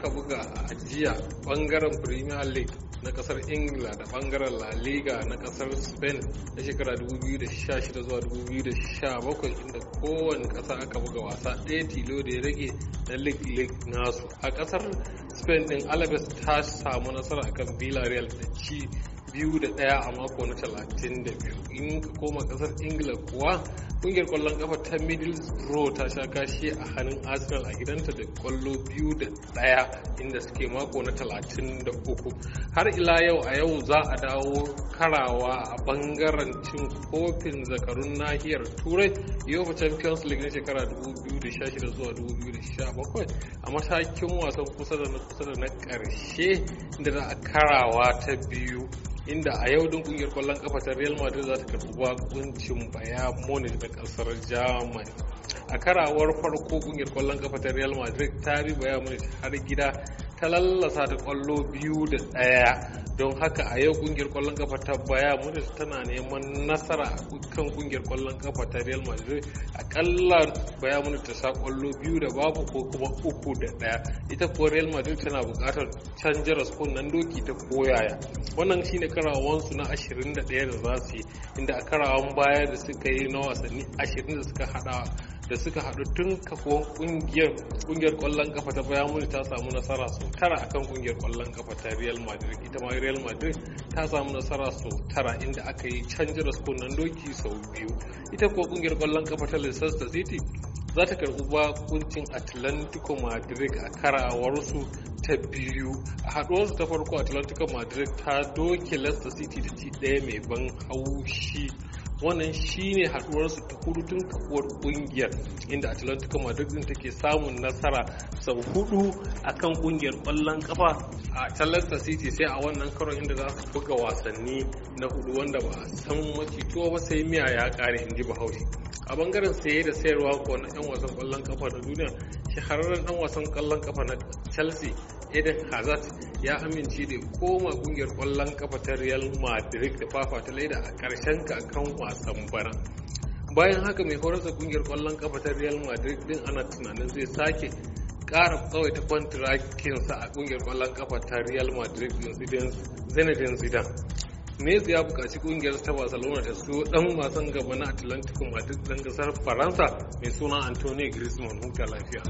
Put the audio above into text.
aka buga a jiya bangaren premier league na kasar ingila da bangaren la liga na kasar spain na shekara 2016 zuwa 2017 inda kowane kasa aka buga wasa ɗaya tilo da ya rage na league league nasu a kasar spain din alabes ta samu nasara akan villarreal da ci biyu da ɗaya a mako na talatin da biyu in ka koma ƙasar ingila kuwa ƙungiyar ƙwallon ƙafa ta middlesbrough ta sha kashi a hannun arsenal a gidanta da ƙwallo biyu da ɗaya inda suke mako na talatin da uku har ila yau a yau za a dawo karawa a bangaren cin kofin zakarun nahiyar turai yofa champions league na shekara 2016 zuwa 2017 a matakin wasan kusa da na kusa da na ƙarshe da za a karawa ta biyu inda a yau din kungiyar kwallon kafa ta Real Madrid za ta karbi bakuncin Bayern Munich da kasar Germany. A karawar farko kungiyar kwallon kafa ta Real Madrid ta bi Bayern Munich har gida ta lallasa ta kwallo biyu da ɗaya don haka a yau kungiyar kwallon kafa ta baya munich tana neman nasara a kan kungiyar kwallon kafa ta real madrid akalla baya munich ta sa kwallo biyu da babu ko kuma uku da ɗaya ita kuwa real madrid tana buƙatar canjar raskon nan doki ta koyaya wannan shine karawansu na 21 da za su yi inda a karawan baya da suka yi na wasanni 20 da suka hada da suka haɗu tun kafin kungiyar kungiyar kwallon kafa ta bayan muni ta samu nasara sau tara akan kungiyar kwallon kafa ta Real Madrid ita ma Real Madrid ta samu nasara sau tara inda aka yi canji nan doki sau biyu ita kuwa kungiyar kwallon kafa ta Leicester City za ta karɓi bakuncin Atlantico Madrid a karawarsu ta biyu a haɗuwarsu ta farko Atlantico Madrid ta doke Leicester City da ci ɗaya mai ban haushi wannan shine su ta hudu tun kafuwar kungiyar inda atlantico madrid din take samun nasara sau hudu akan kungiyar kwallon kafa a can city sai a wannan karon inda za su buga wasanni na hudu wanda ba a san tuwa ba sai miya ya kare in ji bahaushe a bangaren saye da sayarwa ko na yan wasan kwallon kafa na duniya shahararren dan wasan kwallon kafa na chelsea Eden Hazard ya amince da koma kungiyar kwallon kafa ta Real Madrid da fafata laida a karshen kakan wasan bana. Bayan haka mai horarsa kungiyar kwallon kafa ta Real Madrid din ana tunanin zai sake ƙara tsawaita kwantirakinsa a kungiyar kwallon kafa ta Real Madrid din Zinedine Zidane. Messi ya bukaci ƙungiyar ta Barcelona da su ɗan wasan gaba na Atlantico Madrid ɗan ƙasar Faransa mai suna Antonio Griezmann huta lafiya.